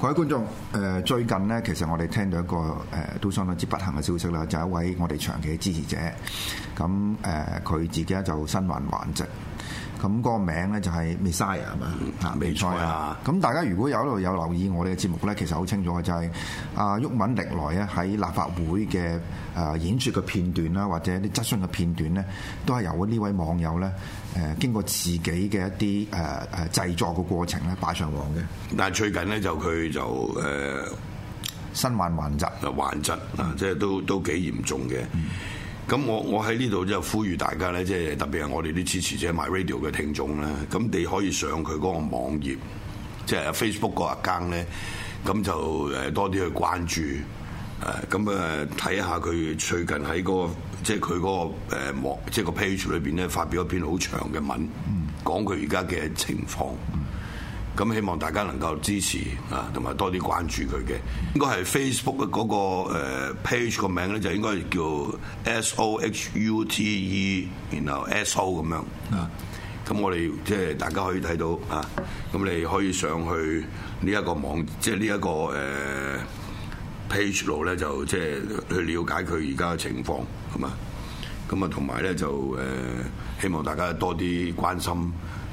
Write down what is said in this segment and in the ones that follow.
各位觀眾，誒、呃、最近咧，其實我哋聽到一個誒、呃、都相當之不幸嘅消息啦，就係、一位我哋長期嘅支持者，咁誒佢自己就身患頑疾。咁嗰個名咧就係 m i s s y 係嘛？啊，冇錯 Messiah 啊！咁大家如果有一度有留意我哋嘅節目咧，其實好清楚嘅，就係阿毓民歷來咧喺立法會嘅誒演説嘅片段啦，或者啲質詢嘅片段咧，都係由呢位網友咧誒經過自己嘅一啲誒誒製作嘅過程咧擺上網嘅。但係最近咧就佢就誒身患頑疾，頑疾啊，嗯、即係都都幾嚴重嘅。嗯咁我我喺呢度即係呼籲大家咧，即係特別係我哋啲支持者 My Radio 嘅聽眾咧，咁你可以上佢嗰個網頁，即係 Facebook 嗰一更咧，咁就誒多啲去關注，誒咁誒睇下佢最近喺嗰個即係佢嗰個誒網，即係個 page 裏邊咧發表一篇好長嘅文，講佢而家嘅情況。咁希望大家能夠支持啊，同埋多啲關注佢嘅。應該係 Facebook 嗰個誒 page 個名咧，就應該叫 S O H U T E，然後 S O 咁樣啊。咁我哋即係大家可以睇到啊。咁你可以上去呢一個網，即係呢一個誒 page 度咧，就即係去了解佢而家嘅情況，係嘛？咁啊，同埋咧就誒，希望大家多啲關心。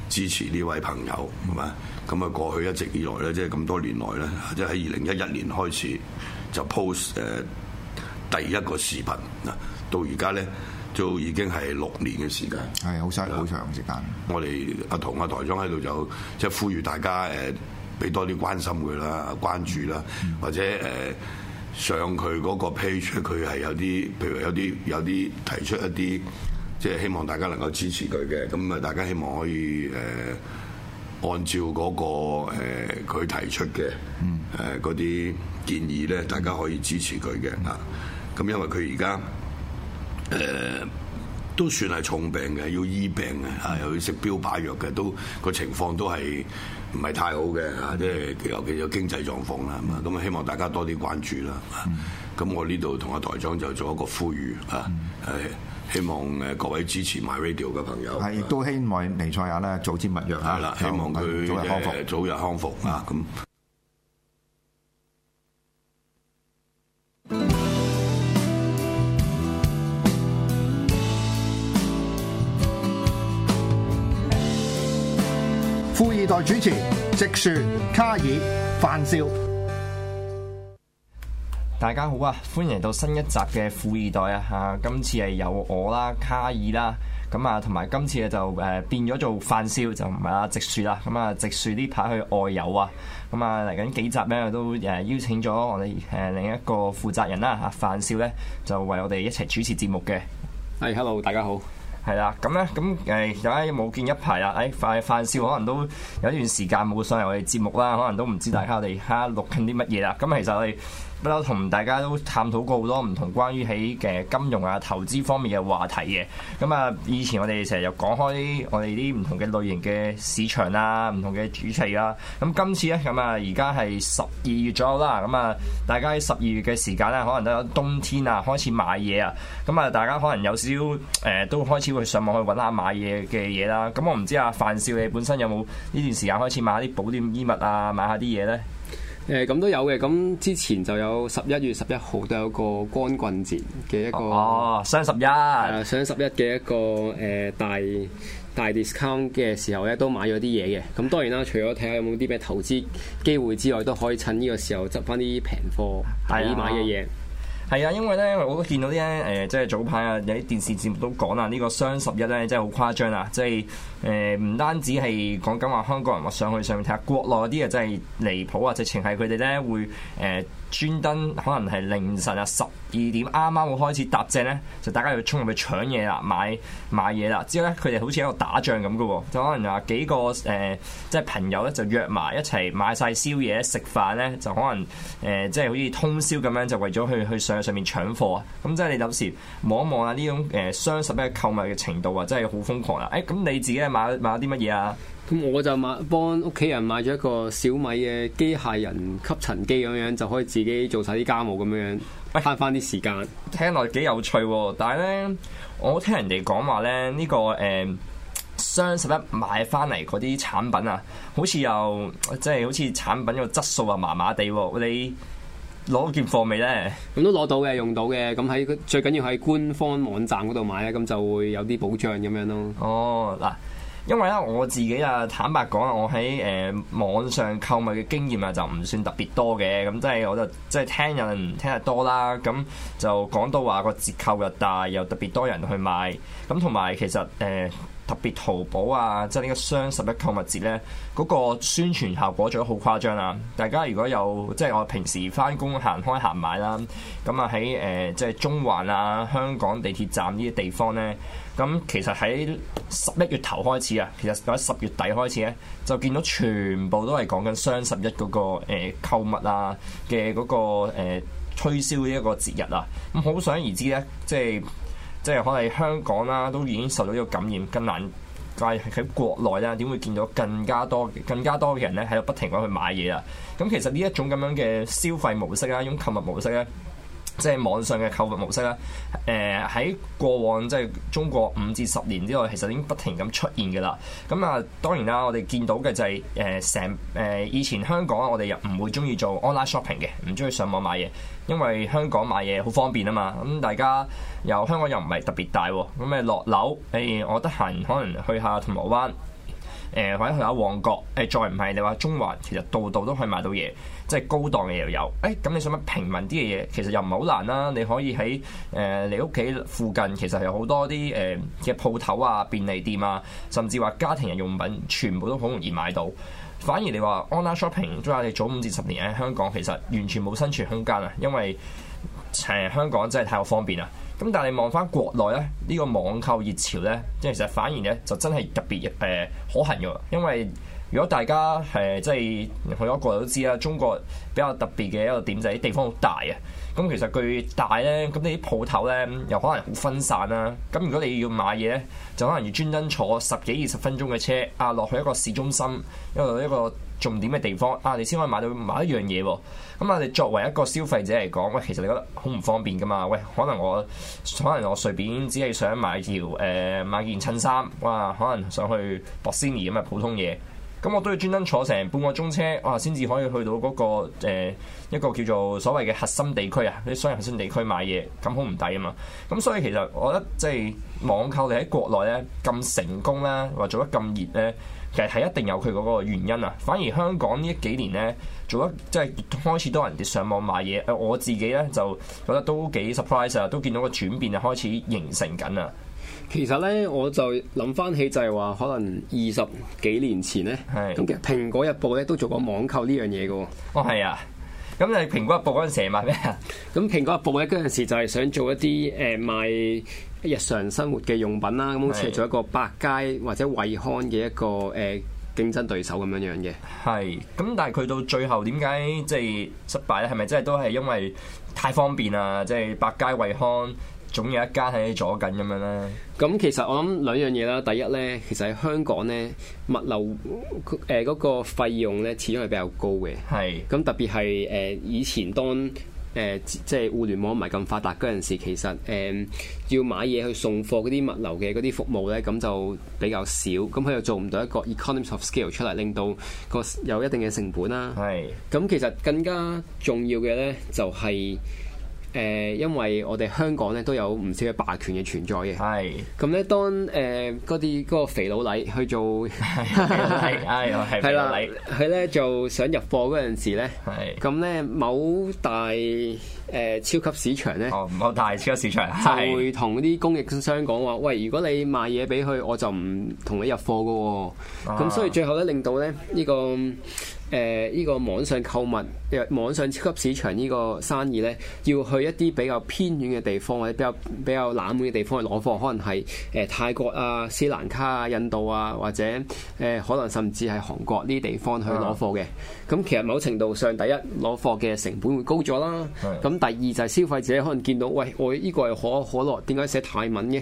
支持呢位朋友，係嘛？咁啊，過去一直以來咧，即係咁多年來咧，即係喺二零一一年開始就 post 誒第一個視頻嗱，到而家咧都已經係六年嘅時間，係好犀利，好長嘅時間。我哋阿唐阿台長喺度就即係呼籲大家誒，俾多啲關心佢啦、關注啦，嗯、或者誒上佢嗰個 page，佢係有啲，譬如有啲有啲提出一啲。即係希望大家能夠支持佢嘅，咁啊大家希望可以誒、呃、按照嗰、那個佢、呃、提出嘅誒嗰啲建議咧，大家可以支持佢嘅啊。咁因為佢而家誒都算係重病嘅，要醫病嘅啊，又要食標靶藥嘅，都個情況都係唔係太好嘅啊。即係尤其有經濟狀況啦，咁啊，啊希望大家多啲關注啦。啊啊。咁我呢度同阿台長就做一個呼籲，啊、嗯，係希望誒各位支持 my radio 嘅朋友，係亦都希望尼賽亞咧早日密恙，係啦，希望佢早日康復，早日康復的啊！咁，富易袋主持直樹、卡爾、范少。大家好啊！歡迎嚟到新一集嘅富易袋啊！吓，今次係有我啦，卡爾啦，咁啊，同埋今次咧就誒變咗做范少，就唔係啊，直樹啦。咁啊，直樹呢排去外遊啊，咁啊嚟緊幾集咧我都誒邀請咗我哋誒另一個負責人啦吓，范少咧就為我哋一齊主持節目嘅。係，hey，hello，大家好，係啦。咁咧，咁誒，大家冇見一排啦，誒，范范少可能都有一段時間冇上嚟我哋節目啦，可能都唔知大家我哋吓錄緊啲乜嘢啦。咁其實我哋。不嬲，同大家都探討過好多唔同關於喺嘅金融啊、投資方面嘅話題嘅。咁啊，以前我哋成日又講開我哋啲唔同嘅類型嘅市場啊、唔同嘅主題啦。咁今次咧，咁啊，而家係十二月左右啦。咁啊，大家喺十二月嘅時間咧，可能都有冬天啊，開始買嘢啊。咁啊，大家可能有少少誒、呃，都開始會上網去揾下買嘢嘅嘢啦。咁我唔知阿范少你本身有冇呢段時間開始買下啲保暖衣物啊，買下啲嘢咧？誒咁都有嘅，咁之前就有十一月十一號都有個光棍節嘅一個哦，雙十一，誒雙十一嘅一個誒、呃、大大 discount 嘅時候咧，都買咗啲嘢嘅。咁當然啦，除咗睇下有冇啲咩投資機會之外，都可以趁呢個時候執返啲平貨抵的買嘅嘢。係啊，因為咧，我都見到啲咧，誒、呃，即係早排啊，有啲電視節目都講啦，呢個雙十一咧，真係好誇張啊！即係誒，唔、呃、單止係講緊話香港人，話上去上面睇下國內啲嘢真係離譜啊！直情係佢哋咧會誒。呃專登可能係凌晨啊十二點啱啱會開始搭正咧，就大家要衝入去搶嘢啦，買買嘢啦。之後咧，佢哋好似喺度打仗咁嘅喎，就可能話幾個誒、呃、即係朋友咧就約埋一齊買晒宵夜食飯咧，就可能誒、呃、即係好似通宵咁樣，就為咗去去上上面搶貨啊！咁即係你有時望一望啊，呢種誒雙十一購物嘅程度啊，真係好瘋狂啊！誒、欸，咁你自己買買咗啲乜嘢啊？咁我就買幫屋企人買咗一個小米嘅機械人吸塵機咁樣，就可以自己做晒啲家務咁樣，慳翻啲時間。哎、聽落幾有趣喎！但係咧，我聽人哋講話咧，呢、呢個誒、嗯、雙十一買翻嚟嗰啲產品啊，好似又即係好似產品個質素啊，麻麻地喎！你攞件貨未咧？咁都攞到嘅，用到嘅。咁喺最緊要喺官方網站嗰度買咧，咁就會有啲保障咁樣咯。哦，嗱。因為咧，我自己啊，坦白講啦，我喺誒、呃、網上購物嘅經驗啊，就唔算特別多嘅，咁即係我就即係、就是、聽人聽得多啦，咁就講到話個折扣又大，又特別多人去買，咁同埋其實誒。呃特別淘寶啊，即係呢個雙十一購物節呢，嗰、嗰個宣傳效果做得好誇張啊。大家如果有即係我平時返工行開行買啦、啊，咁啊喺誒即係中環啊、香港地鐵站呢啲地方呢，咁其實喺十一月頭開始啊，其實喺十月底開始呢，就見到全部都係講緊雙十一嗰個誒、呃、購物啊嘅嗰、嗰個誒、呃、推銷一個節日啊！咁可想而知呢，即係。即係可能香港啦、啊，都已經受到呢個感染，更難。但喺國內啦，點會見到更加多、更加多嘅人咧，喺度不停咁去買嘢啊？咁其實呢一種咁樣嘅消費模式啊，種購物模式咧。即係網上嘅購物模式啦。誒、呃、喺過往即係中國五至十年之內，其實已經不停咁出現嘅啦。咁、嗯、啊，當然啦，我哋見到嘅就係誒成誒以前香港我哋又唔會中意做 online shopping 嘅，唔中意上網買嘢，因為香港買嘢好方便啊嘛。咁大家又香港又唔係特別大，咁咪落樓，譬、欸、我得閒可能去下銅鑼灣，誒、呃、或者去下旺角，誒、呃、再唔係你話中環，其實度度都可以買到嘢。即係高檔嘅又有，誒、哎、咁你想乜平民啲嘅嘢？其實又唔係好難啦、啊。你可以喺誒、呃、你屋企附近，其實有好多啲誒嘅鋪頭啊、便利店啊，甚至話家庭日用品，全部都好容易買到。反而你話 online shopping，即係你早五至十年喺香港，其實完全冇生存空間啊，因為誒、呃、香港真係太過方便啦。咁但係你望翻國內咧，呢、呢個網購熱潮呢，即係其實反而呢，就真係特別誒、呃、可行㗎，因為，如果大家誒、呃、即係去咗國都知啦，中國比較特別嘅一個點就係啲地方好大啊。咁其實佢大咧，咁啲鋪頭咧又可能好分散啦、啊。咁如果你要買嘢咧，就可能要專登坐十幾二十分鐘嘅車啊，落去一個市中心，一個一個重點嘅地方啊，你先可以買到買一樣嘢喎。咁啊，你作為一個消費者嚟講，喂，其實你覺得好唔方便噶嘛？喂，可能我可能我隨便只係想買條誒、呃、買件襯衫，哇，可能想去 Bossini 咁嘅普通嘢。咁我都要專登坐成半個鐘車，哇！先至可以去到嗰、那個、呃、一個叫做所謂嘅核心地區啊，啲商業核心地區買嘢，咁好唔抵啊嘛！咁所以其實我覺得即係網購你喺國內咧咁成功咧，或者做得咁熱咧，其實係一定有佢嗰個原因啊。反而香港呢幾年咧做得即係開始多人哋上網買嘢，誒我自己咧就覺得都幾 surprise 啊，都見到個轉變啊，開始形成緊啊！其實咧，我就諗翻起就係話，可能二十幾年前咧，咁是其實蘋果日報咧都做過網購呢樣嘢嘅喎。哦，係啊。咁你蘋果日報嗰陣時係賣咩啊？咁蘋果日報咧嗰陣時就係想做一啲誒、呃、賣日常生活嘅用品啦，咁好似是做一個百佳或者惠康嘅一個誒、呃、競爭對手咁樣樣嘅。係。咁但係佢到最後點解即係失敗咧？係咪真係都係因為太方便啊？即係百佳惠康。總有一間喺左近咁樣咧。咁其實我諗兩樣嘢啦。第一咧，其實喺香港咧，物流誒嗰、呃那個費用咧，始終係比較高嘅。係。咁特別係誒、呃、以前當誒、呃、即係互聯網唔係咁發達嗰陣時，其實誒、呃、要買嘢去送貨嗰啲物流嘅嗰啲服務咧，咁就比較少。咁佢又做唔到一個 economies of scale 出嚟，令到個有一定嘅成本啦。係。咁其實更加重要嘅咧，就係、係。誒，因為我哋香港咧都有唔少嘅霸權嘅存在嘅。係是。咁咧，當誒嗰啲嗰肥佬黎去做係係係肥佬黎佢咧就想入貨嗰陣時咧，係是。咁咧，某大誒、呃、超級市場咧、哦，某大超級市場，就會同嗰啲供應商講話，是喂，如果你賣嘢俾佢，我就唔同你入貨噶喎、哦。咁、啊、所以最後咧，令到咧、這、呢個誒呢、呃這個網上購物。誒網上超級市場呢個生意呢，要去一啲比較偏遠嘅地方或者比較比較冷門嘅地方去攞貨，可能係誒、呃、泰國啊、斯蘭卡啊、印度啊，或者誒、呃、可能甚至係韓國呢啲地方去攞貨嘅。咁、啊、其實某程度上，第一攞貨嘅成本會高咗啦。咁、啊、第二就係消費者可能見到，喂，我呢個係可口可樂，點解寫泰文嘅？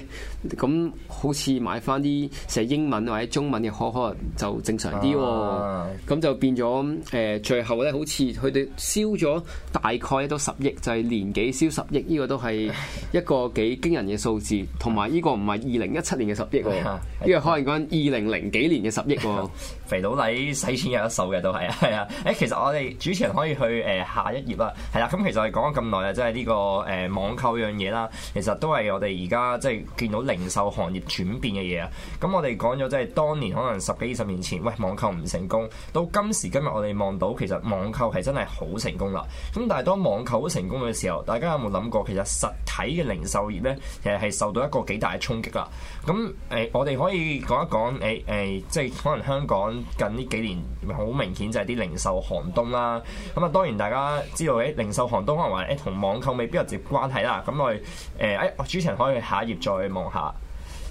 咁好似買翻啲寫英文或者中文嘅可口可樂就正常啲喎、哦。咁、啊、就變咗誒、呃，最後呢，好似去，燒咗大概都十億，就係、是、年幾燒十億，呢、這個都係一個幾驚人嘅數字。同埋呢個唔係二零一七年嘅十億喎，依、這個可能講二零零幾年嘅十億喎。 肥佬黎使錢有一手嘅都係啊，係啊。誒，其實我哋主持人可以去誒、呃、下一頁啦。係啦，咁其實我哋講咗咁耐啊，即係呢個誒、呃、網購樣嘢啦，其實都係我哋而家即係見到零售行業轉變嘅嘢啊。咁我哋講咗即係當年可能十幾二十年前，喂網購唔成功，到今時今日我哋望到其實網購係真係。好成功啦！咁但係當網購好成功嘅時候，大家有冇諗過？其實實體嘅零售業呢，其實係受到一個幾大衝擊啦。咁誒、呃，我哋可以講一講誒誒，即係可能香港近呢幾年好明顯就係啲零售寒冬啦。咁啊，當然大家知道誒、欸，零售寒冬可能話誒，同、欸、網購未必有直接關係啦。咁我哋誒，誒、欸，主持人可以下一頁再望下。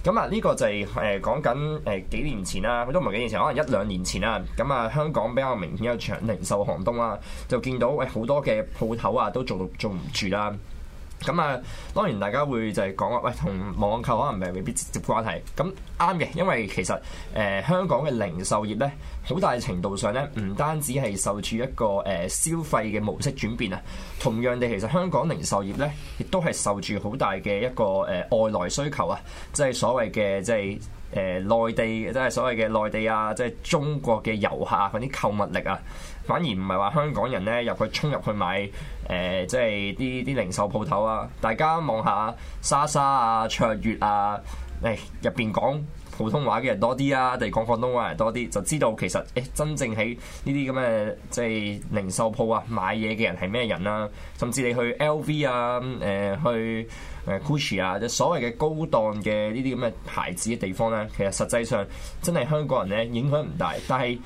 咁啊，呢個就係誒講緊誒幾年前啦，都唔係幾年前，可能一兩年前啦。咁啊，香港比較明顯一個長零售寒冬啦，就見到誒好多嘅鋪頭啊，都做到做唔住啦。咁啊，當然大家會就係講話，喂，同網購可能唔係未必直接，接關係。咁啱嘅，因為其實誒、呃、香港嘅零售業咧，好大程度上咧，唔單止係受住一個誒、呃、消費嘅模式轉變啊，同樣地，其實香港零售業咧，亦都係受住好大嘅一個誒、呃、外來需求啊，即係所謂嘅即係。誒、呃、內地即係所謂嘅內地啊，即係中國嘅遊客嗰啲購物力啊，反而唔係話香港人咧入去衝入去買誒、呃，即係啲啲零售鋪頭啊。大家望下莎莎啊、卓悅啊，誒入邊講，普通話嘅人多啲啊，定講廣東話人多啲，就知道其實誒、欸、真正喺呢啲咁嘅即係零售鋪啊買嘢嘅人係咩人啊，甚至你去 LV 啊，誒去誒 GUCCI 啊，即、呃啊、所謂嘅高檔嘅呢啲咁嘅牌子嘅地方咧，其實實際上真係香港人咧影響唔大，但係誒。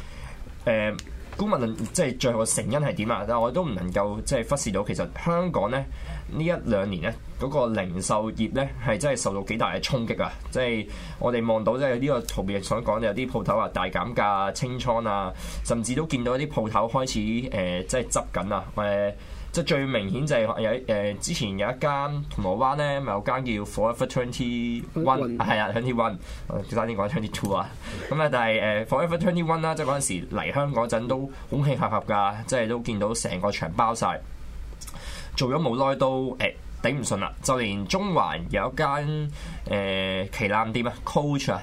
呃公民論即係最後個成因係點啊？但係我都唔能夠即係忽視到，其實香港咧呢一兩年咧嗰個零售業咧係真係受到幾大嘅衝擊啊！即係我哋望到即係呢個圖片想講，有啲鋪頭話大減價清倉啊，甚至都見到啲鋪頭開始誒即係執緊啊誒。即係最明顯就係有誒、呃、之前有一間銅鑼灣咧，咪有間叫 Forever Twenty One，係 啊，啊，Twenty One，啱啱先講 Twenty Two 啊。咁、 呃、啊，但係誒 Forever Twenty One 啦，即係嗰陣時嚟香港陣都空氣俠俠㗎，即係都見到成個場包晒。做咗冇耐都誒、欸、頂唔順啦，就連中環有一間誒、呃、旗艦店、Coach、啊 Culture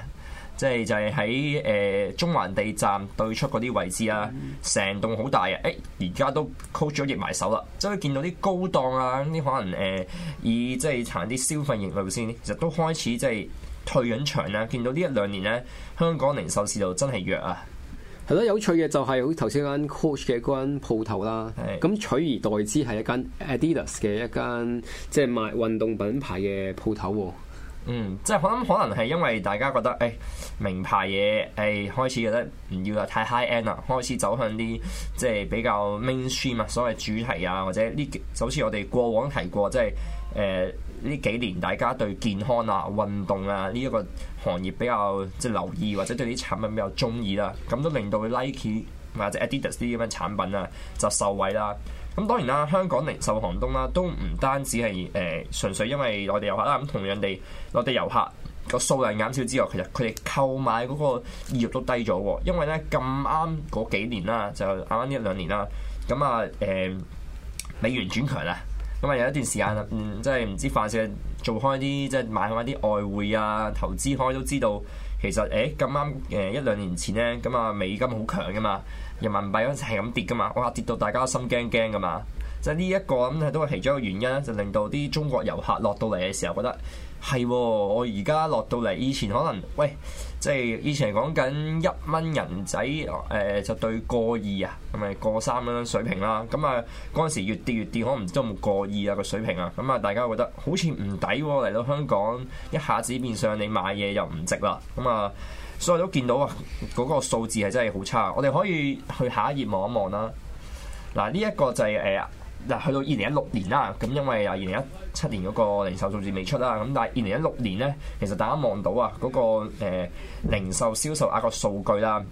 即係就係喺誒中環地站對出嗰啲位置啊，成、嗯、棟好大啊！誒、欸，而家都 Coach 咗翼埋手啦，所以見到啲高檔啊，咁啲可能誒、呃、以即係、就是、行啲消費型路線，其實都開始即係退緊場啦、啊。見到呢一兩年咧，香港零售市道真係弱啊！係咯，有趣嘅就係好似頭先嗰間 Coach 嘅嗰間鋪頭啦，咁的取而代之係一間 Adidas 嘅一間即係、就是、賣運動品牌嘅鋪頭喎。嗯，即係我諗可能係因為大家覺得，誒、欸、名牌嘢係、欸、開始覺得唔要喇太 high end 啊，開始走向啲即係比較 mainstream 啊，所謂主題啊，或者呢就好似我哋過往提過，即係誒呢幾年大家對健康啊、運動啊呢一、這個行業比較即係留意或者對啲產品比較鍾意啦，咁都令到 Nike 或者 Adidas 啲咁嘅產品啊就受惠啦。咁當然啦，香港零售寒冬啦，都唔單止係誒、呃、純粹因為內地遊客啦，咁同樣地內地遊客個數量減少之外，其實佢哋購買嗰個意欲都低咗喎。因為咧咁啱嗰幾年啦，就啱啱呢一兩年啦，咁啊誒美元轉強啦，咁、嗯、啊有一段時間啊、嗯，即係唔知凡事做開啲即係買翻啲外匯啊投資開都知道，其實誒咁啱誒一兩年前咧，咁、嗯、啊美金好強噶嘛。人民幣嗰陣係咁跌㗎嘛，哇跌到大家都心驚驚㗎嘛，即係呢一個咁都係其中一個原因，就令到啲中國遊客落到嚟嘅時候覺得係，我而家落到嚟，以前可能喂。即係以前講緊一蚊人仔，誒、呃、就對過二啊，咁咪過三蚊水平啦。咁啊嗰陣時越跌越跌，可能唔知有冇過二啊個水平啊。咁啊大家覺得好似唔抵喎，嚟到香港一下子變相你買嘢又唔值啦。咁啊，所以都見到啊嗰、那個數字係真係好差。我哋可以去下一頁望一望啦。嗱、啊，呢、這、一個就係、是、誒。呃嗱，去到二零一六年啦，咁因為啊二零一七年嗰個零售數字未出啦，咁但係二零一六年呢，其實大家望到啊、那、嗰個、呃、零售銷售額個數據啦，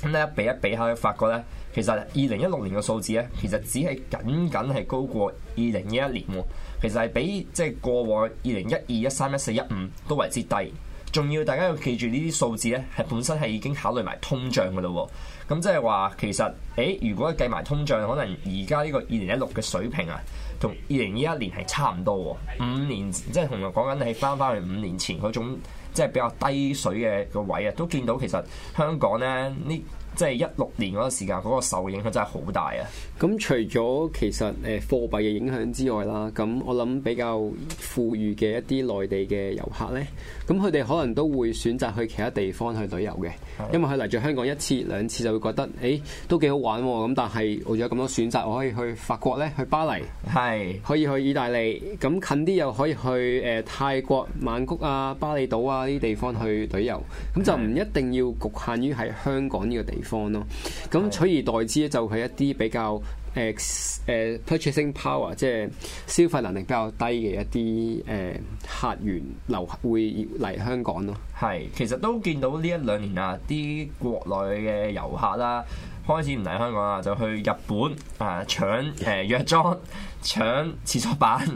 咁咧比一比下去，發覺咧其實二零一六年嘅數字呢，其實，其實只係僅僅係高過二零一一年喎，其實係比即係、就是、過往二零一二、一三、一四、一五都為之低，仲要大家要記住呢啲數字呢，係本身係已經考慮埋通脹㗎咯喎。咁即係話，其實，誒、欸，如果計埋通脹，可能而家呢個二零一六嘅水平啊，同二零二一年係差唔多喎、啊。五年，即係同我講緊你翻翻去五年前嗰種，即係比較低水嘅個位啊，都見到其實香港咧呢。即係一六年嗰個時間，嗰、嗰個受影響真係好大啊！咁除咗其實誒、呃、貨幣嘅影響之外啦，咁我諗比較富裕嘅一啲內地嘅遊客咧，咁佢哋可能都會選擇去其他地方去旅遊嘅，的因為佢嚟咗香港一次兩次就會覺得誒、欸、都幾好玩喎，咁但係我有咁多選擇，我可以去法國咧，去巴黎，係的可以去意大利，咁近啲又可以去誒、呃、泰國曼谷啊、巴厘島啊呢啲地方去旅遊，咁就唔一定要局限於喺香港呢個地方。方咯，咁取而代之咧就係一啲比較誒誒、uh,，purchasing power、嗯、即係消費能力比較低嘅一啲誒、uh, 客源流會嚟香港咯。係，其實都見到呢一兩年啊，啲國內嘅遊客啦，開始唔嚟香港啦，就去日本啊搶誒藥妝、搶、uh, 廁、uh, 所板，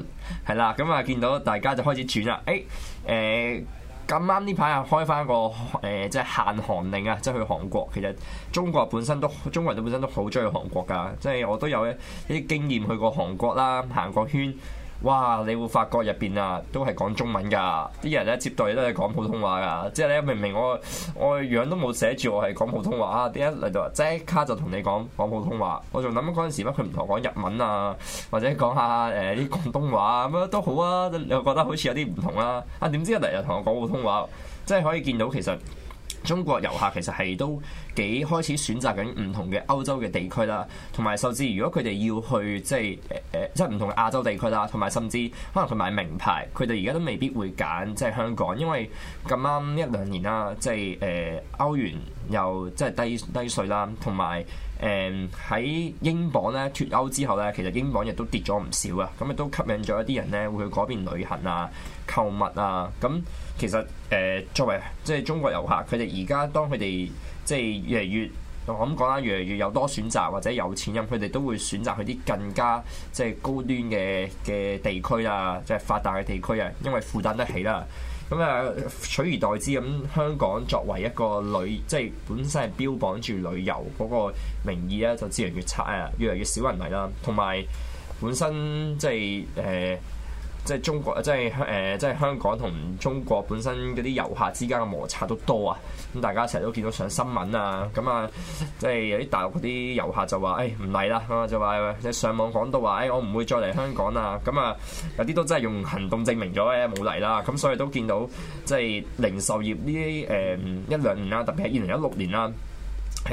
係 啦，咁啊見到大家就開始轉啦，誒、欸、誒。呃咁啱呢排又開翻個誒，即係限韓令啊！即係去韓國，其實中國本身都，中國人本身都好中意韓國㗎，即係我都有一啲經驗去過韓國啦，行過圈。哇！你會發覺入邊啊，都係講中文㗎，啲人咧接待都係講普通話㗎，即係你明明我我樣都冇寫住我係講普通話，點解嚟到即刻就同你講講普通話？我仲諗緊嗰陣時乜佢唔同我講日文啊，或者講下誒啲、呃、廣東話咁樣都好啊，你又覺得好似有啲唔同啦，啊？啊點知一嚟又同我講普通話，即係可以見到其實。中國遊客其實係都幾開始選擇緊唔同嘅歐洲嘅地區啦，同埋甚至如果佢哋要去即係誒誒，即係唔、呃、同亞洲地區啦，同埋甚至可能佢買名牌，佢哋而家都未必會揀即係香港，因為咁啱一兩年啦，即係誒、呃、歐元又即係低低稅啦，同埋。誒喺、嗯、英鎊咧脫歐之後咧，其實英鎊亦都跌咗唔少啊。咁亦都吸引咗一啲人咧，會去嗰邊旅行啊、購物啊。咁、嗯、其實誒、呃、作為即係、就是、中國遊客，佢哋而家當佢哋即係越嚟越我咁講啦，越嚟越有多選擇或者有錢人，咁佢哋都會選擇去啲更加即係高端嘅嘅地區啊，即、就、係、是、發達嘅地區啊，因為負擔得起啦。咁啊，取而代之咁，香港作為一個旅，即係本身係標榜住旅遊嗰個名義啊，就自然越差啊，越嚟越少人嚟啦。同埋本身即係誒。呃即係中國，即係香、呃、即係香港同中國本身嗰啲遊客之間嘅摩擦都多啊！咁大家成日都見到上新聞啊，咁啊，即係有啲大陸嗰啲遊客就話：，誒唔嚟啦！咁、啊、就話即、嗯、上網講到話，誒、哎、我唔會再嚟香港啦、啊！咁啊，有啲都真係用行動證明咗誒冇嚟啦！咁、哎啊、所以都見到即係零售業呢啲誒一兩年啦，特別係二零一六年啦、啊。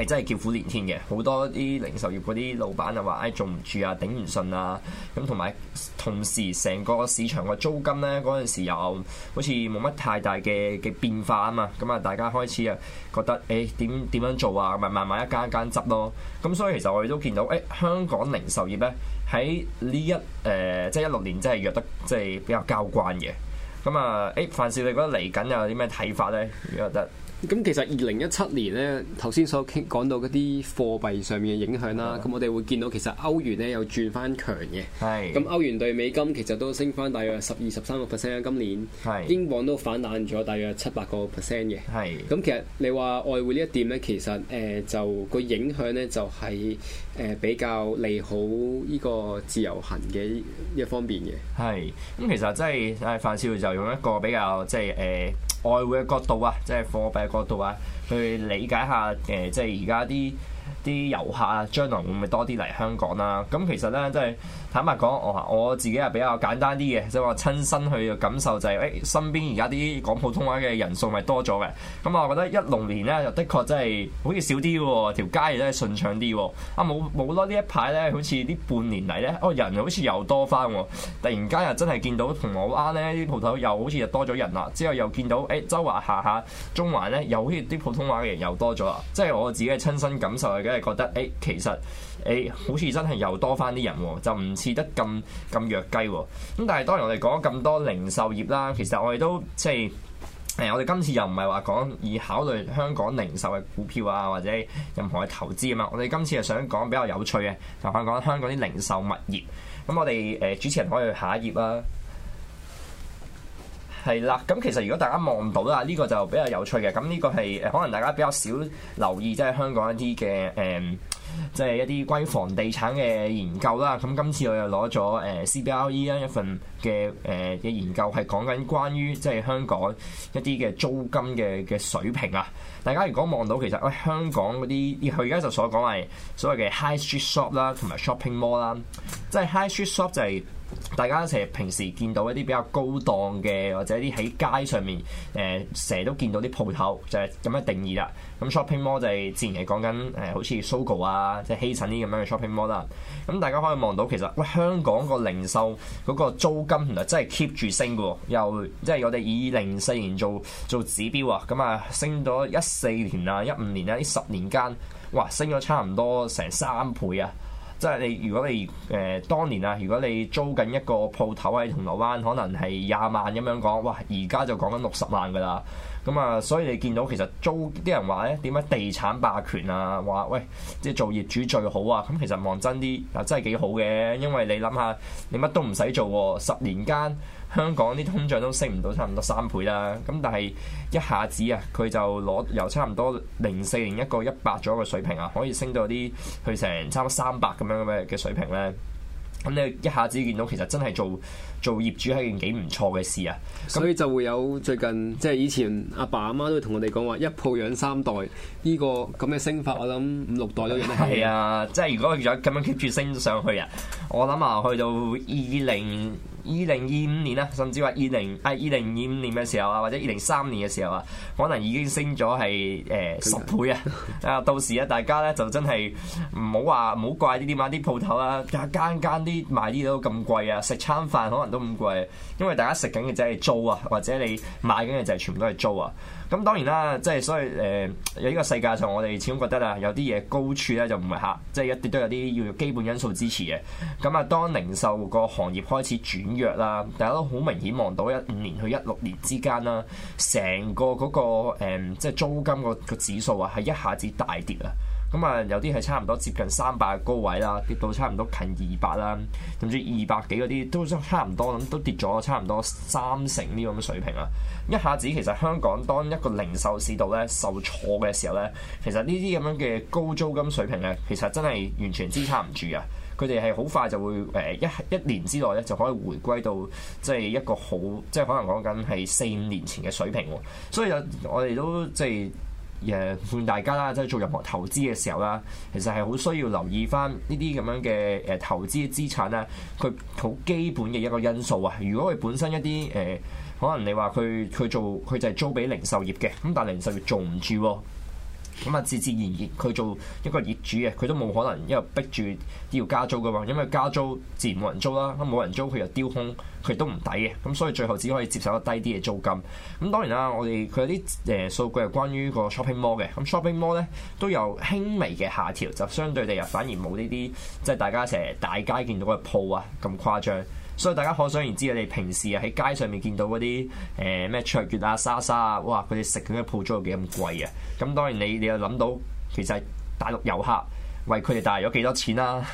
係、哎、真係叫苦連天嘅，好多啲零售業嗰啲老闆啊話：，誒、哎、做唔住啊，頂唔順啊。咁同埋同時，成個市場嘅租金咧，嗰陣時又好似冇乜太大嘅嘅變化啊嘛。咁啊，大家開始啊，覺得誒點點樣做啊？咪慢慢一間一間執咯。咁所以其實我哋都見到，誒、哎、香港零售業咧喺呢一誒、呃，即係一六年真，真係弱得即係比較交關嘅。咁、嗯、啊，誒、哎，范少你覺得嚟緊有啲咩睇法咧？如果得？咁其實二零一七年咧，頭先所傾講到嗰啲貨幣上面嘅影響啦、啊，咁、uh huh. 我哋會見到其實歐元咧有轉翻強嘅，咁、uh huh. 歐元對美金其實都升翻大約十二十三個 percent 今年，uh huh. 英鎊都反彈咗大約七八個 percent 嘅，咁、uh huh. 其實你話外匯呢一點咧，其實誒、呃、就個影響咧就係、是、誒、呃、比較利好呢個自由行嘅一方面嘅，咁、uh huh. 嗯、其實真係誒范少就用一個比較即係誒。就是呃外匯嘅角度啊，即係貨幣嘅角度啊，去理解下誒、呃，即係而家啲啲遊客啊，將來會唔會多啲嚟香港啦？咁其實咧，即係。坦白講，我我自己係比較簡單啲嘅，即係話親身去感受就係、是，誒、欸、身邊而家啲講普通話嘅人數咪多咗嘅。咁、嗯、我覺得一六年咧，就的確真係好似少啲喎、哦，條街亦都係順暢啲喎、哦。啊冇冇咯，一呢一排咧，好似呢半年嚟咧，哦人好似又多翻喎、哦。突然間又真係見到銅鑼灣咧啲鋪頭，又好似又多咗人啦。之後又見到誒、欸、周華下下中環咧，又好似啲普通話嘅人又多咗啦。即、就、係、是、我自己嘅親身感受，係梗係覺得誒、欸，其實。誒、欸，好似真係又多翻啲人喎、哦，就唔似得咁咁弱雞喎、哦。咁但係當然我哋講咁多零售業啦，其實我哋都即係誒，我哋今次又唔係話講以考慮香港零售嘅股票啊，或者任何嘅投資啊嘛。我哋今次係想講比較有趣嘅，就講、是、講香港啲零售物業。咁我哋誒、呃、主持人可以去下一頁啦。係啦，咁其實如果大家望唔到啦，呢、這個就比較有趣嘅。咁呢個係、呃、可能大家比較少留意，即、就、係、是、香港一啲嘅誒。嗯即係一啲關於房地產嘅研究啦，咁今次我又攞咗誒 CBRE 啦，一份嘅誒嘅研究係講緊關於即係香港一啲嘅租金嘅嘅水平啊。大家如果望到，其實喂香港嗰啲，佢而家就所講係所謂嘅 high street shop 啦，同埋 shopping mall 啦，即係 high street shop 就係、是。大家成日平時見到一啲比較高檔嘅，或者啲喺街上面誒，成、呃、日都見到啲鋪頭，就係咁樣定義啦。咁 shopping mall 就係、是、自然係講緊誒，好似 Sogo 啊，即係希慎呢啲咁樣嘅 shopping mall 啦、啊。咁大家可以望到，其實喂，香港個零售嗰個租金原來真係 keep 住升嘅，又即係我哋以零四年做做指標啊，咁啊升咗一四年啊，一五年啊，呢十年間，哇，升咗差唔多成三倍啊！即係你，如果你誒、呃、當年啊，如果你租緊一個鋪頭喺銅鑼灣，可能係廿萬咁樣講，哇！而家就講緊六十萬㗎喇，咁啊，所以你見到其實租啲人話咧，點解地產霸權啊，話喂，即係做業主最好啊？咁其實望真啲啊，真係幾好嘅，因為你諗下，你乜都唔使做喎、啊，十年間。香港啲通脹都升唔到差唔多三倍啦，咁但係一下子啊，佢就攞由差唔多零四年一個一百左右嘅水平啊，可以升到啲去成差唔多三百咁樣嘅水平咧，咁你一下子見到其實真係做。.做業主係件幾唔錯嘅事啊！所以就會有最近即係以前阿爸阿媽，媽都同我哋講話一鋪養三代呢個咁嘅升法，我諗五六代都養得起。係啊！即係如果再咁樣 keep 住升上去啊，我諗啊，去到二零二零二五年啦、啊，甚至話二零啊二零二五年嘅時候啊，或者二零三年嘅時候啊，可能已經升咗係誒十倍啊！啊， 到時啊，大家咧就真係唔好話唔好怪啲買啊，啲鋪頭啊，間間啲賣啲都咁貴啊，食餐飯可能～都唔貴，因為大家食緊嘅就係租啊，或者你買緊嘅就係全部都係租啊。咁當然啦，即係所以誒，喺、呃、呢個世界上，我哋始終覺得啊，有啲嘢高處咧就唔係嚇，即係一啲都有啲要有基本因素支持嘅。咁啊，當零售個行業開始轉弱啦，大家都好明顯望到一五年去一六年之間啦，成個嗰、嗰個即係、呃即係、租金個指數啊，係一下子大跌啊。咁啊、嗯，有啲係差唔多接近三百嘅高位啦，跌到差唔多近二百啦，甚至二百幾嗰啲都差唔多咁，都跌咗差唔多三成呢種水平啦。一下子其實香港當一個零售市道咧受挫嘅時候咧，其實呢啲咁樣嘅高租金水平咧，其實真係完全支撐唔住啊！佢哋係好快就會誒一一年之內咧就可以回歸到即係一個好，即係可能講緊係四五年前嘅水平喎。所以有我哋都即係。誒，勸大家啦，即係做任何投資嘅時候啦，其實係好需要留意返呢啲咁樣嘅誒投資資產咧，佢好基本嘅一個因素啊。如果佢本身一啲誒、呃，可能你話佢佢做佢就係租俾零售業嘅，咁但係零售業做唔住喎。咁啊，自自然然，佢做一個業主嘅，佢都冇可能因為逼住要加租噶嘛，因為加租自然冇人租啦，咁冇人租佢又丟空，佢都唔抵嘅，咁所以最後只可以接受得低啲嘅租金。咁當然啦，我哋佢啲誒數據係關於個 shopping mall 嘅，咁 shopping mall 咧都有輕微嘅下調，就相對地又反而冇呢啲即係大家成日大街見到個鋪啊咁誇張。所以大家可想而知啊，你平時啊喺街上面見到嗰啲誒咩卓越啊、莎莎啊，哇！佢哋食嗰啲鋪租有幾咁貴啊？咁當然你你又諗到，其實大陸遊客為佢哋帶來咗幾多錢啦、啊？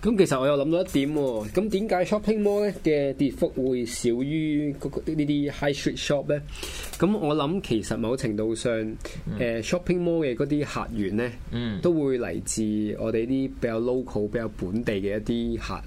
咁其實我又諗到一點喎，咁點解 shopping mall 咧嘅跌幅會少於呢啲 high street shop 咧？咁我諗其實某程度上，誒 shopping mall 嘅嗰啲客源咧，都會嚟自我哋啲比較 local、比較本地嘅一啲客。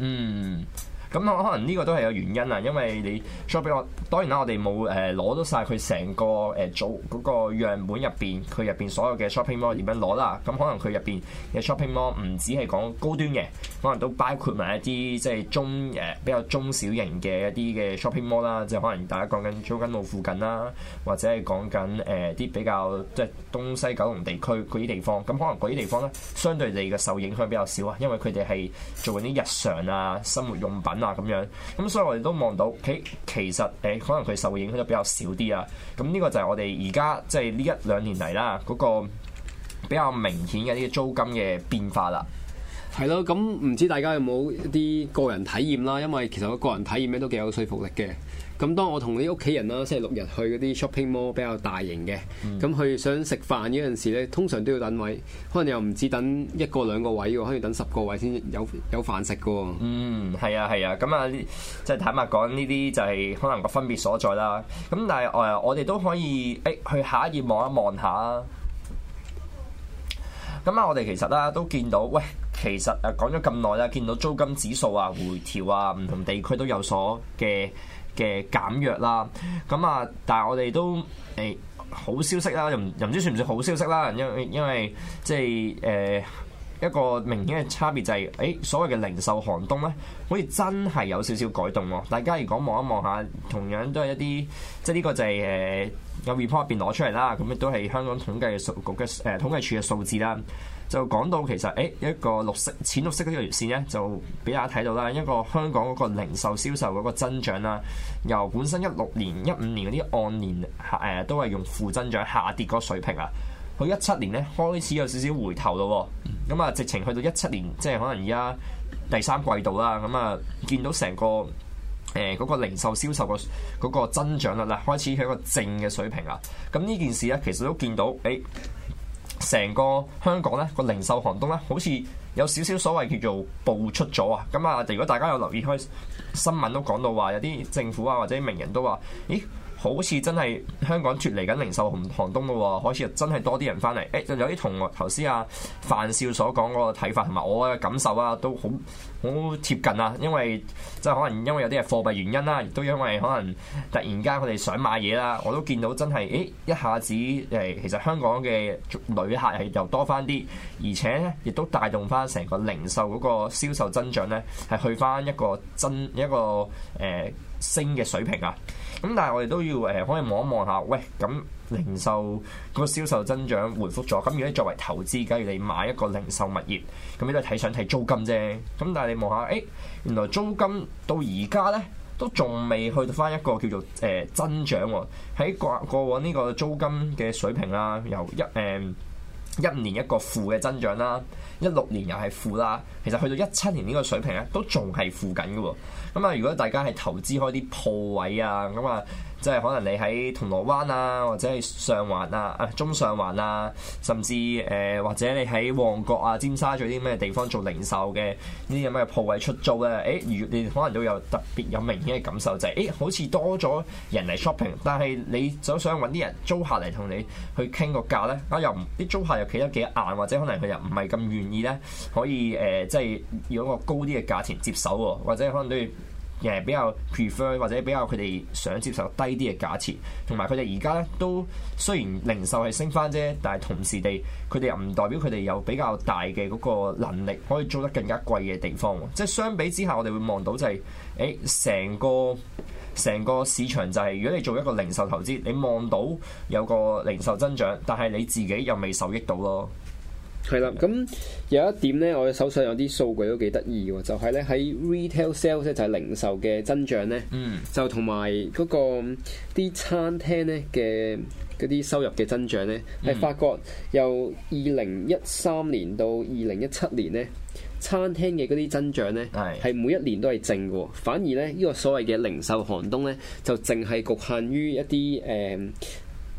嗯。嗯嗯。咁、嗯、可能呢個都係有原因啊，因為你 shopping mall 當然啦，我哋冇誒攞到晒佢成個誒組嗰個樣本入邊，佢入邊所有嘅 shopping mall 點樣攞啦？咁、嗯、可能佢入邊嘅 shopping mall 唔止係講高端嘅，可能都包括埋一啲即係中誒、呃、比較中小型嘅一啲嘅 shopping mall 啦，即係可能大家講緊租江路附近啦，或者係講緊誒啲比較即係。東西九龍地區嗰啲地方，咁可能嗰啲地方咧，相對地嘅受影響比較少啊，因為佢哋係做緊啲日常啊、生活用品啊咁樣，咁所以我哋都望到，誒其實誒、欸、可能佢受影響都比較少啲啊，咁呢個就係我哋而家即係呢一兩年嚟啦，嗰個比較明顯嘅呢啲租金嘅變化啦。係咯，咁唔知大家有冇一啲個人體驗啦？因為其實我個人體驗咧都幾有說服力嘅。咁當我同啲屋企人啦，星期六日去嗰啲 shopping mall 比較大型嘅，咁去、嗯、想食飯嗰陣時咧，通常都要等位，可能又唔止等一個兩個位喎，可能要等十個位先有有飯食嘅喎。嗯，係啊，係啊，咁啊，即係坦白講，呢啲就係可能個分別所在啦。咁但係誒、呃，我哋都可以誒、欸、去下一頁望一望下。咁啊，我哋其實啦，都見到，喂，其實誒講咗咁耐啦，見到租金指數啊回調啊，唔同地區都有所嘅嘅減弱啦。咁啊，但係我哋都誒、欸、好消息啦，又唔唔知算唔算好消息啦，因因為即係誒、呃、一個明顯嘅差別就係、是，誒、欸、所謂嘅零售寒冬咧，好似真係有少少改動喎、啊。大家如果望一望下，同樣都係一啲，即係呢個就係、是、誒。呃有 report 入邊攞出嚟啦，咁亦都係香港統計局嘅誒統計處嘅數字啦，就講到其實誒、欸、一個綠色淺綠色嗰條線咧，就俾大家睇到啦，一個香港嗰個零售銷售嗰個增長啦，由本身一六年一五年嗰啲按年誒都係用負增長下跌個水平啊，去一七年咧開始有少少回頭咯，咁啊直情去到一七年即係可能而家第三季度啦，咁啊見到成個。誒嗰、呃那個零售銷售個嗰增長率啦，開始喺一個正嘅水平啊，咁呢件事咧其實都見到，誒、欸、成個香港咧、那個零售寒冬咧，好似有少少所謂叫做步出咗啊！咁啊，如果大家有留意開新聞都講到話，有啲政府啊或者名人都話，咦、欸？好似真係香港脫離緊零售寒寒冬咯喎，好似真係多啲人翻嚟，就、欸、有啲同頭先啊范少所講嗰個睇法同埋我嘅感受啊，都好好貼近啊，因為即係、就是、可能因為有啲係貨幣原因啦、啊，亦都因為可能突然間佢哋想買嘢啦、啊，我都見到真係，誒、欸，一下子誒，其實香港嘅旅客係又多翻啲，而且咧亦都帶動翻成個零售嗰個銷售增長咧，係去翻一個增一個誒、呃、升嘅水平啊！咁但係我哋都要誒可以望一望下，喂咁零售個銷售增長回復咗，咁如果作為投資，假如你買一個零售物業，咁你都係睇想睇租金啫。咁但係你望下，誒、欸、原來租金到而家咧都仲未去到翻一個叫做誒、呃、增長喎、哦。喺過過往呢個租金嘅水平啦，由一誒、呃、一年一個負嘅增長啦，一六年又係負啦，其實去到一七年呢個水平咧，都仲係負緊嘅喎。咁啊！如果大家係投資開啲鋪位啊，咁啊～即係可能你喺銅鑼灣啊，或者係上環啊、啊中上環啊，甚至誒、呃、或者你喺旺角啊、尖沙咀啲咩地方做零售嘅呢啲咁嘅鋪位出租咧、啊，誒如你可能都有特別有明顯嘅感受，就係、是、誒好似多咗人嚟 shopping，但係你就想揾啲人租客嚟同你去傾個價咧，啊又唔啲租客又企得幾硬，或者可能佢又唔係咁願意咧，可以誒即係要一個高啲嘅價錢接手，或者可能都要。誒比較 prefer 或者比較佢哋想接受低啲嘅價錢，同埋佢哋而家咧都雖然零售係升翻啫，但係同時地佢哋又唔代表佢哋有比較大嘅嗰個能力可以做得更加貴嘅地方喎。即係相比之下，我哋會望到就係誒成個成個市場就係如果你做一個零售投資，你望到有個零售增長，但係你自己又未受益到咯。係啦，咁有一點咧，我手上有啲數據都幾得意嘅，就係咧喺 retail sales 咧，就係零售嘅增長咧，嗯、就同埋嗰個啲餐廳咧嘅嗰啲收入嘅增長咧，係發覺由二零一三年到二零一七年咧，餐廳嘅嗰啲增長咧係是每一年都係正嘅，反而咧呢、呢個所謂嘅零售寒冬咧，就淨係局限於一啲誒。嗯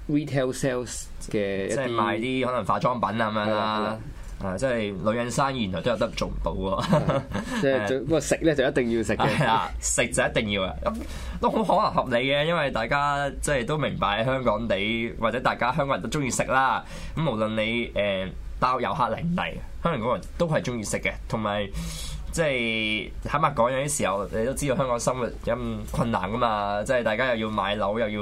Retail sales 嘅即係賣啲可能化妝品咁樣啦，啊即係女人生意原來都有得做唔到啊。啊啊即係不過食咧就一定要食嘅、啊，食、啊、就一定要啊，咁 都好可能合理嘅，因為大家即係都明白香港地或者大家香港人都中意食啦，咁無論你誒包遊客嚟唔嚟，香港人都係中意食嘅，同埋。即係坦白講有啲時候，你都知道香港生活咁困難㗎嘛，即係大家又要買樓，又要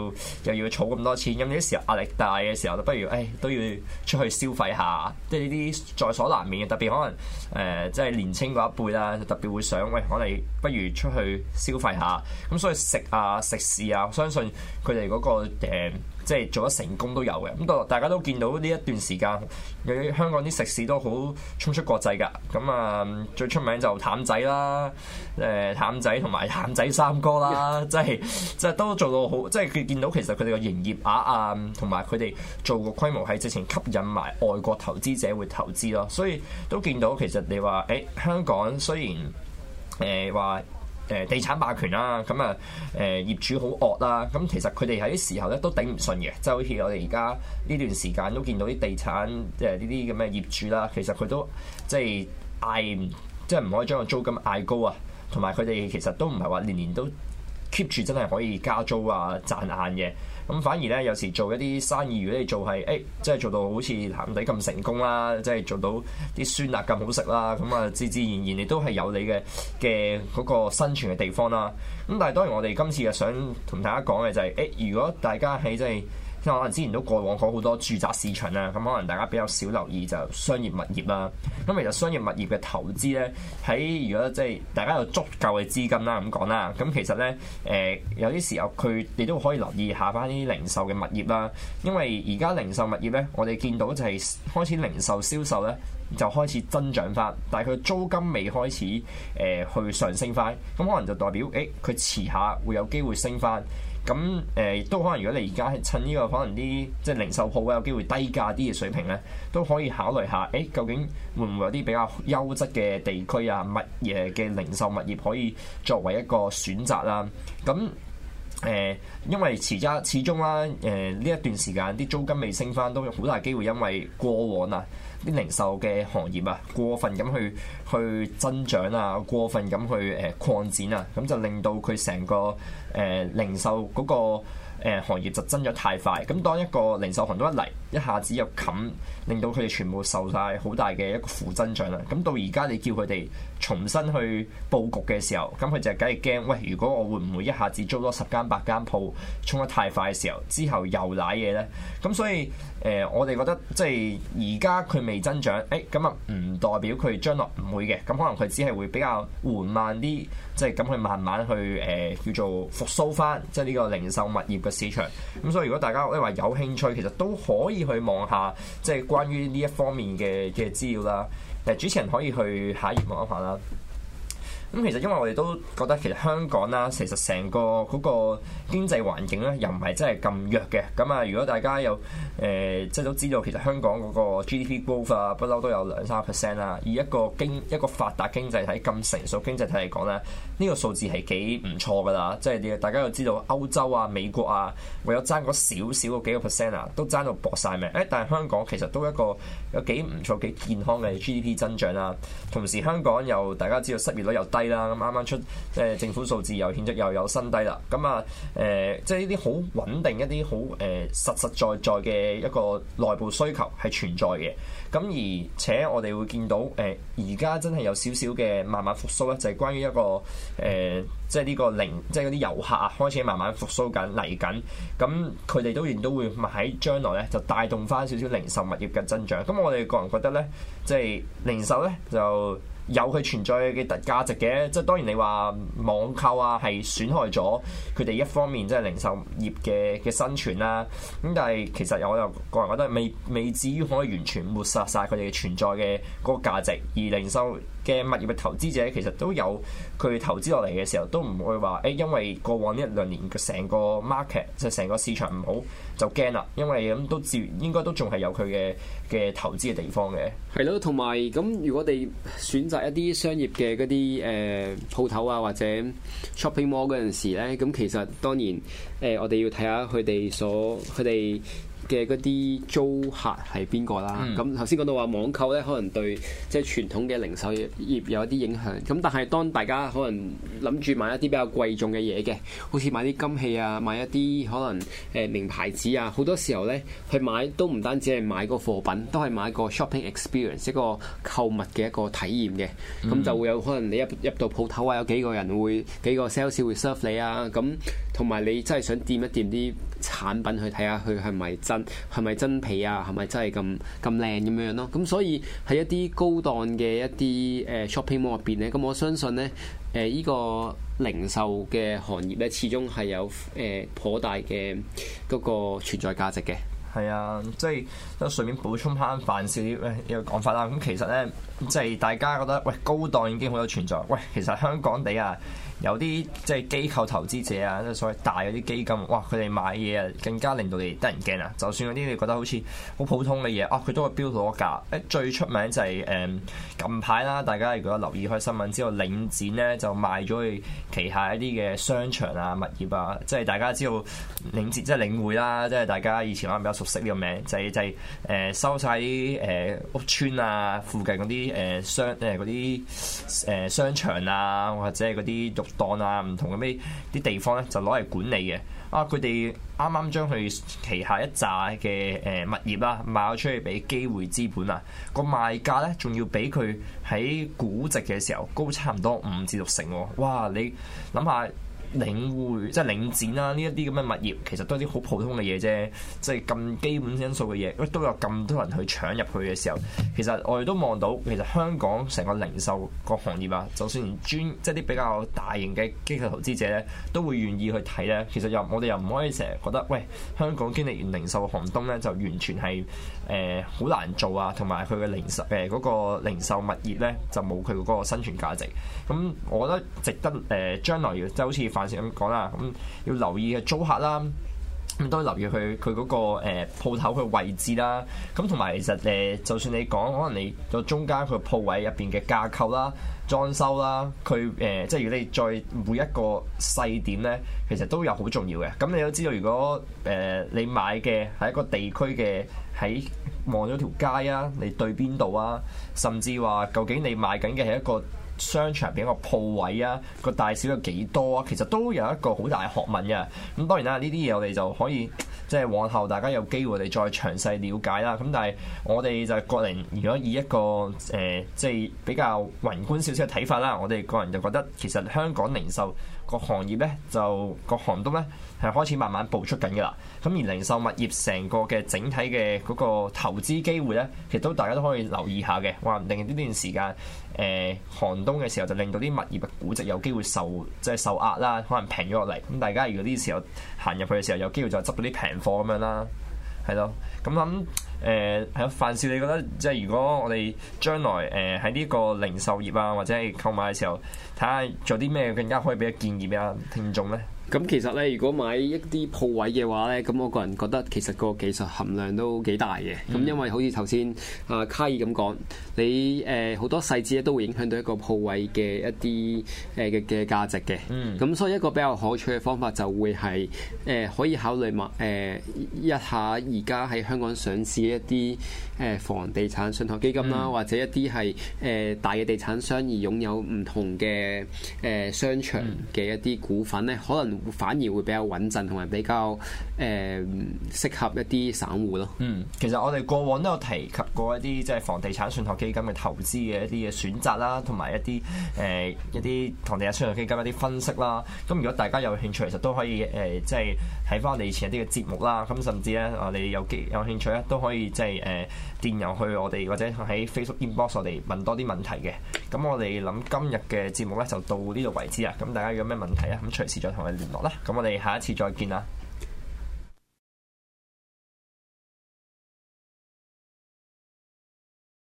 又要儲咁多錢，咁啲時候壓力大嘅時候，就不如誒、哎、都要出去消費下，即係呢啲在所難免嘅，特別可能誒、呃、即係年青嗰一輩啦，就特別會想喂，我哋不如出去消費下，咁所以食啊食肆啊，啊我相信佢哋嗰個、呃即係做得成功都有嘅，咁都大家都見到呢一段時間，喺香港啲食肆都好衝出國際㗎。咁、嗯、啊，最出名就譚仔啦，誒、呃、譚仔同埋譚仔三哥啦， 即係即係都做到好，即係佢見到其實佢哋個營業額啊，同埋佢哋做個規模係直情吸引埋外國投資者會投資咯。所以都見到其實你話誒、欸、香港雖然誒話，呃誒地產霸權啦，咁啊誒業主好惡啦，咁其實佢哋喺啲時候咧都頂唔順嘅，即係好似我哋而家呢段時間都見到啲地產誒呢啲咁嘅業主啦，其實佢都即係嗌，即係唔可以將個租金嗌高啊，同埋佢哋其實都唔係話年年都。Keep 住真係可以加租啊，賺硬嘅，咁、嗯、反而咧有時做一啲生意，如果你做係，誒、欸，即係做到好似鹹底咁成功啦，即係做到啲酸辣咁好食啦，咁、嗯、啊，自自然然你都係有你嘅嘅嗰個生存嘅地方啦。咁、嗯、但係當然我哋今次又想同大家講嘅就係、是，誒、欸，如果大家喺、欸、即係。即係可能之前都過往過好多住宅市場啦，咁可能大家比較少留意就商業物業啦。咁其實商業物業嘅投資咧，喺如果即係大家有足夠嘅資金啦咁講啦，咁其實咧，誒有啲時候佢哋都可以留意下翻啲零售嘅物業啦。因為而家零售物業咧，業我哋見到就係開始零售銷售咧就開始增長翻，但係佢租金未開始誒去上升翻，咁可能就代表誒佢遲下會有機會升翻。咁誒，都可能如果你而家係趁呢個可能啲即係零售鋪會有機會低價啲嘅水平咧，都可以考慮下，誒究竟會唔會有啲比較優質嘅地區啊、乜嘢嘅零售物業可以作為一個選擇啦？咁。誒，因為遲一始終啦，誒呢一段時間啲租金未升翻，都有好大機會因為過往啊，啲零售嘅行業啊過分咁去去增長啊，過分咁去誒擴、呃、展啊，咁、嗯、就令到佢成個誒、呃、零售嗰、那個、呃、行業就增長太快，咁、嗯、當一個零售行都一嚟。一下子又冚，令到佢哋全部受晒好大嘅一個負增長啦。咁到而家你叫佢哋重新去布局嘅時候，咁佢就梗係驚喂，如果我會唔會一下子租多十間八間鋪沖得太快嘅時候，之後又瀨嘢咧？咁所以誒、呃、我哋覺得即係而家佢未增長誒咁啊，唔代表佢將來唔會嘅。咁可能佢只係會比較緩慢啲，即係咁去慢慢去誒、呃、叫做復甦翻，即係呢個零售物業嘅市場，咁所以如果大家即係話有興趣，其實都可以。去望下，即係關於呢一方面嘅嘅資料啦。誒，主持人可以去下一頁望一下啦。咁其實因為我哋都覺得其實香港啦、啊，其實成個嗰個經濟環境咧，又唔係真係咁弱嘅。咁啊，如果大家有誒、呃，即係都知道其實香港嗰個 GDP growth 啊，不嬲都有兩三 percent 啦。以一個經一個發達經濟體咁成熟經濟體嚟講咧，呢、呢個數字係幾唔錯㗎啦。即係大家又知道歐洲啊、美國啊，為咗爭嗰少少個幾個 percent 啊，都爭到搏晒命。誒，但係香港其實都一個有幾唔錯、幾健康嘅 GDP 增長啦、啊。同時香港又大家知道失業率又低。低啦，咁啱啱出誒、呃、政府數字又顯出又有新低啦，咁啊誒，即係呢啲好穩定一啲好誒實實在在嘅一個內部需求係存在嘅，咁、嗯、而且我哋會見到誒而家真係有少少嘅慢慢復甦啦，就係、是、關於一個誒，即係呢個零，即係嗰啲遊客啊開始慢慢復甦緊嚟緊，咁佢哋當然都會喺將來咧就帶動翻少少零售物業嘅增長，咁、嗯、我哋個人覺得咧，即、就、係、是、零售咧就。有佢存在嘅價值嘅，即係當然你話網購啊，係損害咗佢哋一方面即係、就是、零售業嘅嘅生存啦、啊。咁但係其實我又個人覺得未未至於可以完全抹殺晒佢哋嘅存在嘅嗰個價值，而零售。嘅物業嘅投資者其實都有佢投資落嚟嘅時候，都唔會話誒、欸，因為過往一兩年成個 market 就成個市場唔好就驚啦，因為咁都自然應該都仲係有佢嘅嘅投資嘅地方嘅。係咯，同埋咁如果我哋選擇一啲商業嘅嗰啲誒鋪頭啊，或者 shopping mall 嗰陣時咧，咁其實當然誒、呃，我哋要睇下佢哋所佢哋。嘅啲租客係邊個啦？咁頭先講到話網購咧，可能對即係傳統嘅零售業有一啲影響，咁但係當大家可能諗住買一啲比較貴重嘅嘢嘅，好似買啲金器啊，買一啲可能誒名牌子啊，好多時候咧去買都唔單止係買個貨品，都係買個 shopping experience，一個購物嘅一個體驗嘅。咁、嗯、就會有可能你一入，入到鋪頭啊，有幾個人會幾個 sales 會 serve 你啊。咁同埋你真係想掂一掂啲產品去睇下佢係咪真。係咪真皮啊？係咪真係咁咁靚咁樣咯？咁、啊、所以喺一啲高檔嘅一啲誒 shopping mall 入邊咧，咁我相信咧誒呢個零售嘅行業咧，始終係有誒頗大嘅嗰個存在價值嘅。係啊，即係都順便補充翻范少嘅一,一、呃呢個講法啦。咁其實咧，即、就、係、是、大家覺得喂高檔已經好有存在，喂其實香港地啊～有啲即係機構投資者啊，即係所謂大嗰啲基金，哇！佢哋買嘢啊，更加令到你得人驚啊！就算嗰啲你覺得好似好普通嘅嘢啊，佢都會飆到咗價。最出名就係誒近排啦，大家如果留意開新聞之後，領展咧就賣咗佢旗下一啲嘅商場啊、物業啊，即係大家知道領展即係領匯啦，即係、啊、大家以前可能比較熟悉呢個名，就係、是、就係、是、誒收晒啲誒屋村啊、附近嗰啲誒商誒啲誒商場啊，或者係嗰啲獨檔啊，唔同嘅咩啲地方咧，就攞嚟管理嘅。啊，佢哋啱啱將佢旗下一紮嘅誒物業啦，賣咗出去俾機會資本啊，個賣價咧仲要比佢喺估值嘅時候高差唔多五至六成。哇，你諗下。領會即係領展啦，啊，呢一啲咁嘅物業其實都係啲好普通嘅嘢啫，即係咁基本因素嘅嘢，都有咁多人去搶入去嘅時候，其實我哋都望到，其實香港成個零售個行業啊，就算連專即係啲比較大型嘅機構投資者咧，都會願意去睇咧。其實我又我哋又唔可以成日覺得，喂香港經歷完零售嘅寒冬咧，就完全係。誒好、呃、難做啊，同埋佢嘅零售誒嗰個零售物業咧，就冇佢嗰個生存價值。咁、嗯、我覺得值得誒、呃，將來要即係好似范 Sir 咁講啦，咁、嗯、要留意嘅租客啦，咁都留意佢佢嗰個誒、呃、鋪頭嘅位置啦。咁同埋其實誒、呃，就算你講可能你個中間個鋪位入邊嘅架構啦、裝修啦，佢誒、呃、即係如果你再每一個細點咧，其實都有好重要嘅。咁你都知道，如果誒你、呃、你買嘅係一個地區嘅。喺望咗條街啊，你對邊度啊？甚至話究竟你賣緊嘅係一個商場定一個鋪位啊？個大小有幾多啊？其實都有一個好大學問嘅、啊。咁當然啦，呢啲嘢我哋就可以即係、就是、往後大家有機會我哋再詳細了解啦。咁但係我哋就係個人，如果以一個誒即係比較宏觀少少嘅睇法啦，我哋個人就覺得其實香港零售個行業呢，就個寒冬咧，係開始慢慢步出緊噶啦，咁而零售物業成個嘅整體嘅嗰個投資機會咧，其實都大家都可以留意下嘅。話唔定呢段時間，誒、呃、寒冬嘅時候就令到啲物業嘅估值有機會受即係、就是、受壓啦，可能平咗落嚟。咁大家如果呢啲時候行入去嘅時候，有機會就執到啲平貨咁樣啦，係咯。咁諗誒，係、呃、咯，范少，你覺得即係如果我哋將來誒喺呢個零售業啊，或者係購買嘅時候，睇下做啲咩更加可以俾個建議俾、啊、下聽眾咧？咁其實咧，如果買一啲鋪位嘅話咧，咁我個人覺得其實個技術含量都幾大嘅。咁、嗯、因為好似頭先啊卡爾咁講，你誒好、呃、多細節咧都會影響到一個鋪位嘅一啲誒嘅嘅價值嘅。咁、嗯、所以一個比較可取嘅方法就會係誒、呃、可以考慮買誒、呃、一下而家喺香港上市嘅一啲誒房地產信託基金啦，嗯、或者一啲係誒大嘅地產商、商而擁有唔同嘅誒、呃、商場嘅一啲股份咧，可能。反而會比較穩陣，同埋比較誒、呃、適合一啲散戶咯。嗯，其實我哋過往都有提及過一啲即係房地產信託基金嘅投資嘅一啲嘅選擇啦，同埋一啲誒、呃、一啲房地產信託基金一啲分析啦。咁如果大家有興趣，其實都可以誒，即係睇翻我哋以前一啲嘅節目啦。咁甚至咧，我哋有機有興趣咧，都可以即係誒。即係呃電郵去我哋，或者喺 Facebook Inbox 我哋問多啲問題嘅。咁我哋諗今日嘅節目咧就到呢度為止啦。咁大家有咩問題啊，咁隨時再同我哋聯絡啦。咁我哋下一次再見啦。